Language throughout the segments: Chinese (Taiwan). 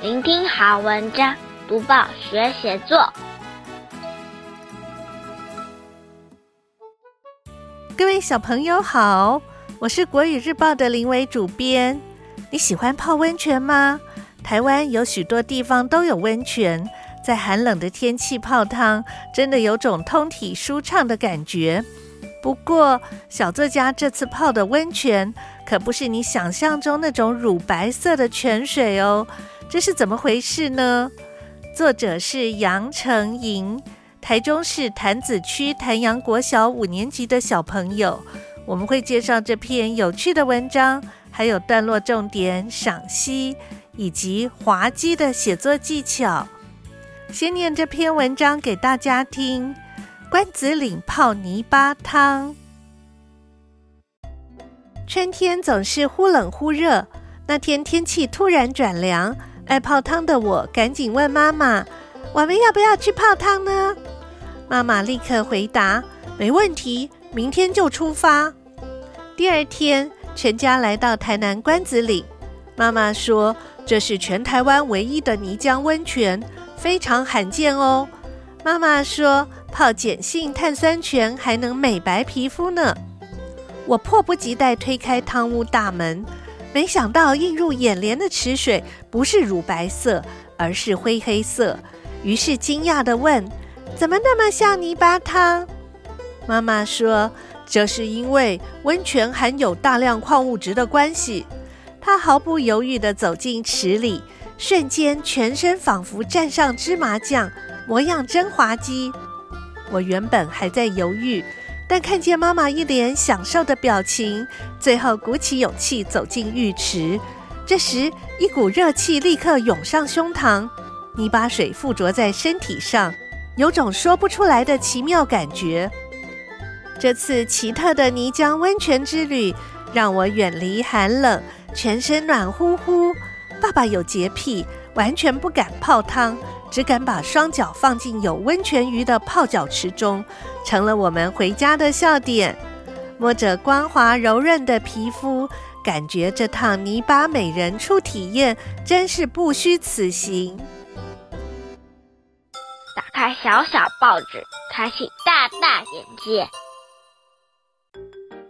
聆聽好文章，讀報學寫作。各位小朋友好，我是國語日報的林偉主編。你喜歡泡溫泉嗎？台灣有許多地方都有溫泉，在寒冷的天氣泡湯，真的有種通體舒暢的感覺。不過，小作家這次泡的溫泉可不是你想象中那種乳白色的泉水哦。這是怎麼回事呢？作者是楊成瑩，台中市潭子區潭陽國小五年級的小朋友。我們會介紹這篇有趣的文章，還有段落重點賞析，以及滑稽的寫作技巧。先念這篇文章給大家聽。關子嶺泡泥巴湯。春天總是忽冷忽熱，那天天氣突然轉涼。愛泡湯的我，趕緊問媽媽：“我們要不要去泡湯呢？”媽媽立刻回答：“沒問題，明天就出發。”第二天，全家來到台南關子嶺。媽媽說：“這是全台灣唯一的泥漿溫泉，非常罕見哦。”媽媽說：“泡鹼性碳酸泉還能美白皮膚呢。”我迫不及待推開湯屋大門。沒想到映入眼簾的池水不是乳白色，而是灰黑色。於是驚訝地問：“怎麼那麼像泥巴湯？”媽媽說：“這是因為溫泉含有大量礦物質的關係。”她毫不猶豫地走進池裡，瞬間全身仿佛蘸上芝麻醬，模樣真滑稽。我原本還在猶豫。但看見媽媽一臉享受的表情，最後鼓起勇氣走進浴池。這時，一股熱氣立刻湧上胸膛，泥巴水附着在身體上，有種說不出來的奇妙感覺。這次奇特的泥漿溫泉之旅，讓我遠離寒冷，全身暖呼呼。爸爸有潔癖，完全不敢泡湯。只敢把雙腳放進有溫泉魚的泡腳池中，成了我們回家的笑點。摸着光滑柔潤的皮膚，感覺這趟泥巴美人初體驗真是不虛此行。打開小小報紙，開啟大大眼界。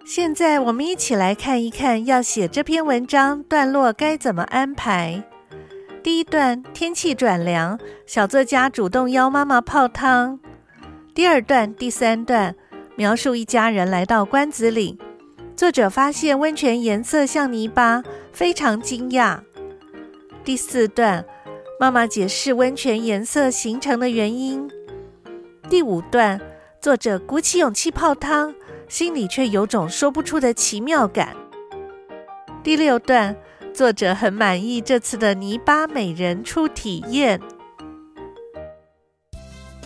現在我們一起來看一看，要寫這篇文章段落該怎麼安排。第一段，天氣轉涼，小作家主動邀媽媽泡湯。第二段、第三段描述一家人來到關子嶺，作者發現溫泉顏色像泥巴，非常驚訝。第四段，媽媽解釋溫泉顏色形成的原因。第五段，作者鼓起勇氣泡湯，心裡卻有種說不出的奇妙感。第六段。作者很滿意這次的泥巴美人初體驗。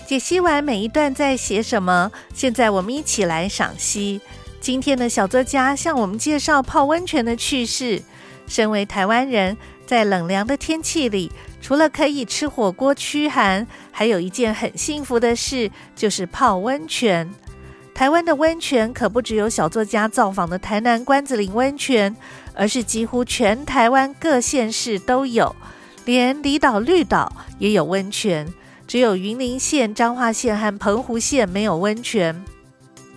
解析完每一段在寫什麼，現在我們一起來賞析。今天的小作家向我們介紹泡溫泉的趣事。身為台灣人，在冷涼的天氣裡，除了可以吃火鍋驅寒，還有一件很幸福的事，就是泡溫泉。台灣的溫泉可不只有小作家造訪的台南關子嶺溫泉。而是幾乎全臺灣各縣市都有，連離島綠島也有溫泉，只有雲林縣、彰化縣和澎湖縣沒有溫泉。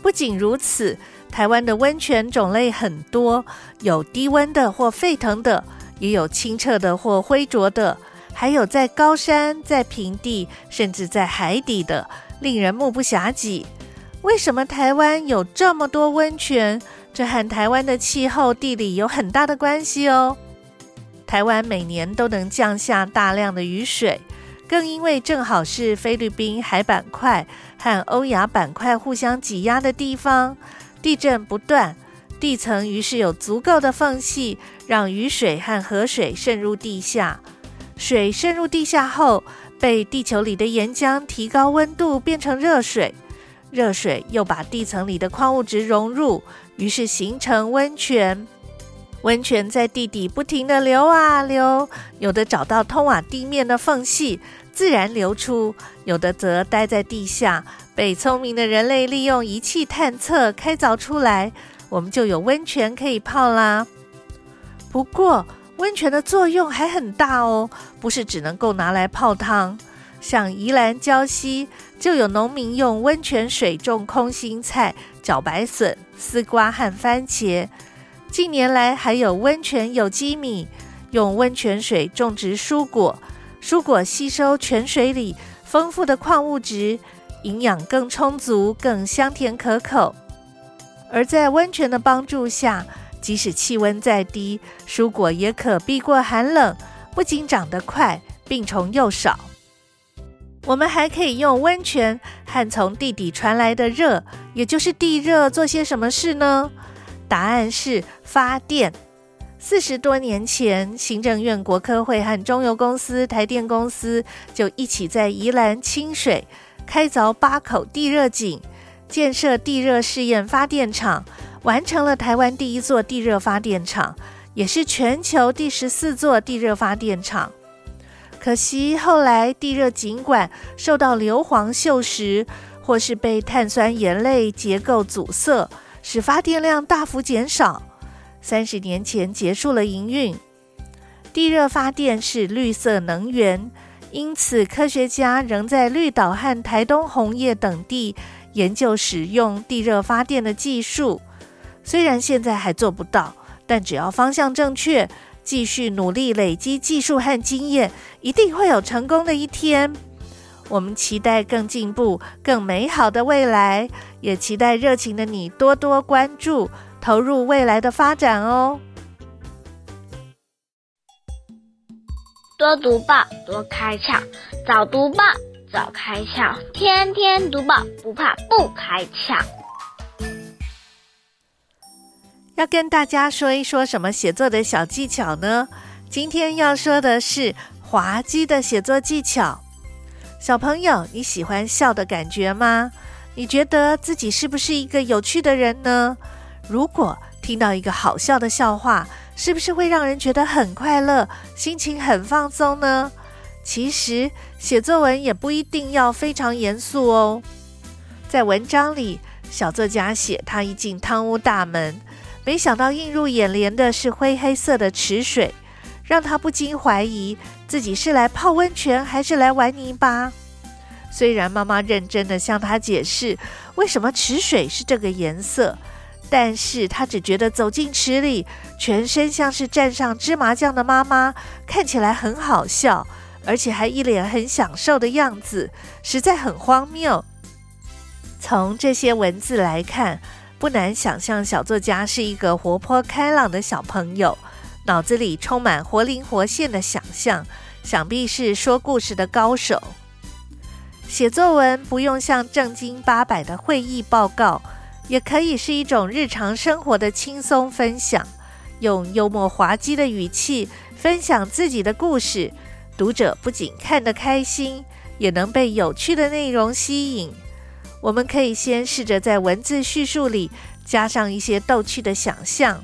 不僅如此，臺灣的溫泉種類很多，有低溫的或沸騰的，也有清澈的或灰濁的，還有在高山、在平地，甚至在海底的，令人目不暇給。為什麼臺灣有這麼多溫泉？這和台灣的氣候、地理有很大的關係哦。台灣每年都能降下大量的雨水，更因為正好是菲律賓海板塊和歐亞板塊互相擠壓的地方，地震不斷，地層於是有足夠的縫隙，讓雨水和河水滲入地下。水滲入地下後，被地球裡的岩漿提高溫度，變成熱水。熱水又把地層裡的礦物質融入，於是形成溫泉。溫泉在地底不停的流啊流，有的找到通往地面的縫隙，自然流出；有的則待在地下，被聰明的人類利用儀器探測、開鑿出來，我們就有溫泉可以泡啦。不過，溫泉的作用還很大哦，不是只能夠拿來泡湯，像宜蘭礁溪。就有農民用溫泉水種空心菜、茭白筍、絲瓜和番茄。近年來，還有溫泉有機米，用溫泉水種植蔬果，蔬果吸收泉水裡豐富的礦物質，營養更充足，更香甜可口。而在溫泉的幫助下，即使氣溫再低，蔬果也可避過寒冷，不僅長得快，病蟲又少。我們還可以用溫泉和從地底傳來的熱，也就是地熱，做些什麼事呢？答案是發電。四十多年前，行政院國科會和中油公司、台電公司就一起在宜蘭清水開鑿八口地熱井，建設地熱試驗發電廠，完成了台灣第一座地熱發電廠，也是全球第十四座地熱發電廠。可惜後來地熱井管受到硫磺鏽蝕，或是被碳酸鹽類結構阻塞，使發電量大幅減少。三十年前結束了營運。地熱發電是綠色能源，因此科學家仍在綠島和台東紅葉等地研究使用地熱發電的技術。雖然現在還做不到，但只要方向正確，繼續努力，累積技術和經驗，一定會有成功的一天。我們期待更進步、更美好的未來，也期待熱情的你多多關注，投入未來的發展哦。多讀報，多開竅；早讀報，早開竅；天天讀報，不怕不開竅。要跟大家說一說什麼寫作的小技巧呢？今天要說的是滑稽的寫作技巧。小朋友，你喜歡笑的感覺嗎？你覺得自己是不是一個有趣的人呢？如果聽到一個好笑的笑話，是不是會讓人覺得很快樂，心情很放鬆呢？其實寫作文也不一定要非常嚴肅哦。在文章裡，小作家寫他一進湯屋大門。沒想到映入眼簾的是灰黑色的池水，讓他不禁懷疑自己是來泡溫泉還是來玩泥巴。雖然媽媽認真的向他解釋為什麼池水是這個顏色，但是他只覺得走進池裡，全身像是蘸上芝麻醬的媽媽看起來很好笑，而且還一臉很享受的樣子，實在很荒謬。從這些文字來看。不難想象，小作家是一個活潑開朗的小朋友，腦子裡充滿活靈活現的想象，想必是說故事的高手。寫作文不用像正經八百的會議報告，也可以是一種日常生活的輕鬆分享，用幽默滑稽的語氣分享自己的故事，讀者不僅看得開心，也能被有趣的內容吸引。我們可以先試着在文字敘述裡加上一些逗趣的想象，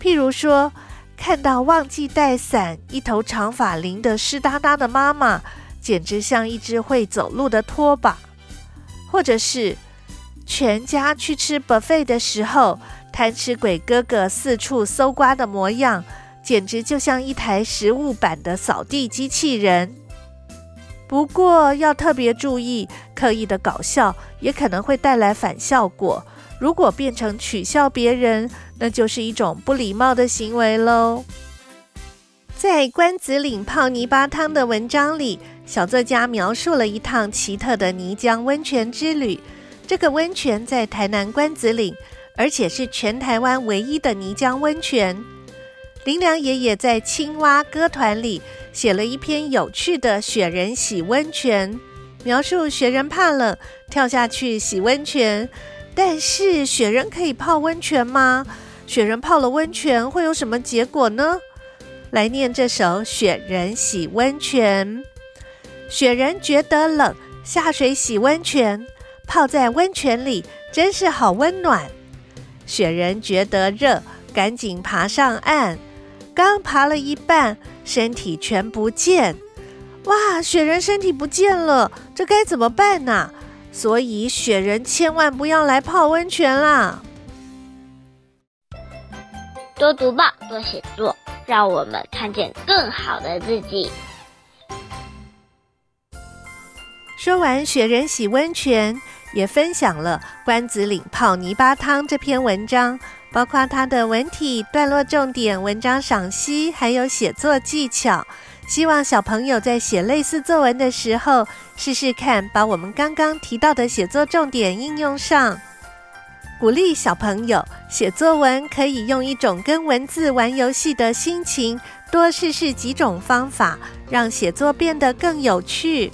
譬如說，看到忘記帶傘、一頭長髮淋得濕噠噠的媽媽，簡直像一隻會走路的拖把；或者是全家去吃 buffet 的時候，貪吃鬼哥哥四處搜刮的模樣，簡直就像一台食物版的掃地機器人。不過要特別注意，刻意的搞笑也可能會帶來反效果。如果變成取笑別人，那就是一種不禮貌的行為嘍。在關子嶺泡泥巴湯的文章裡，小作家描述了一趟奇特的泥漿溫泉之旅。這個溫泉在台南關子嶺，而且是全台灣唯一的泥漿溫泉。林良爺爺在青蛙歌團裡寫了一篇有趣的《雪人洗溫泉》，描述雪人怕冷，跳下去洗溫泉。但是雪人可以泡溫泉嗎？雪人泡了溫泉會有什麼結果呢？來念這首《雪人洗溫泉》。雪人覺得冷，下水洗溫泉，泡在溫泉裡真是好溫暖。雪人覺得熱，趕緊爬上岸。剛爬了一半，身體全不見！哇，雪人身體不見了，這該怎麼辦呢、啊？所以雪人千萬不要來泡溫泉啦！多讀報，多寫作，讓我們看見更好的自己。說完，雪人洗溫泉，也分享了關子嶺泡泥巴湯這篇文章。包括它的文體、段落重點、文章賞析，還有寫作技巧。希望小朋友在寫類似作文的時候，試試看把我們剛剛提到的寫作重點應用上。鼓勵小朋友寫作文，可以用一種跟文字玩遊戲的心情，多試試幾種方法，讓寫作變得更有趣。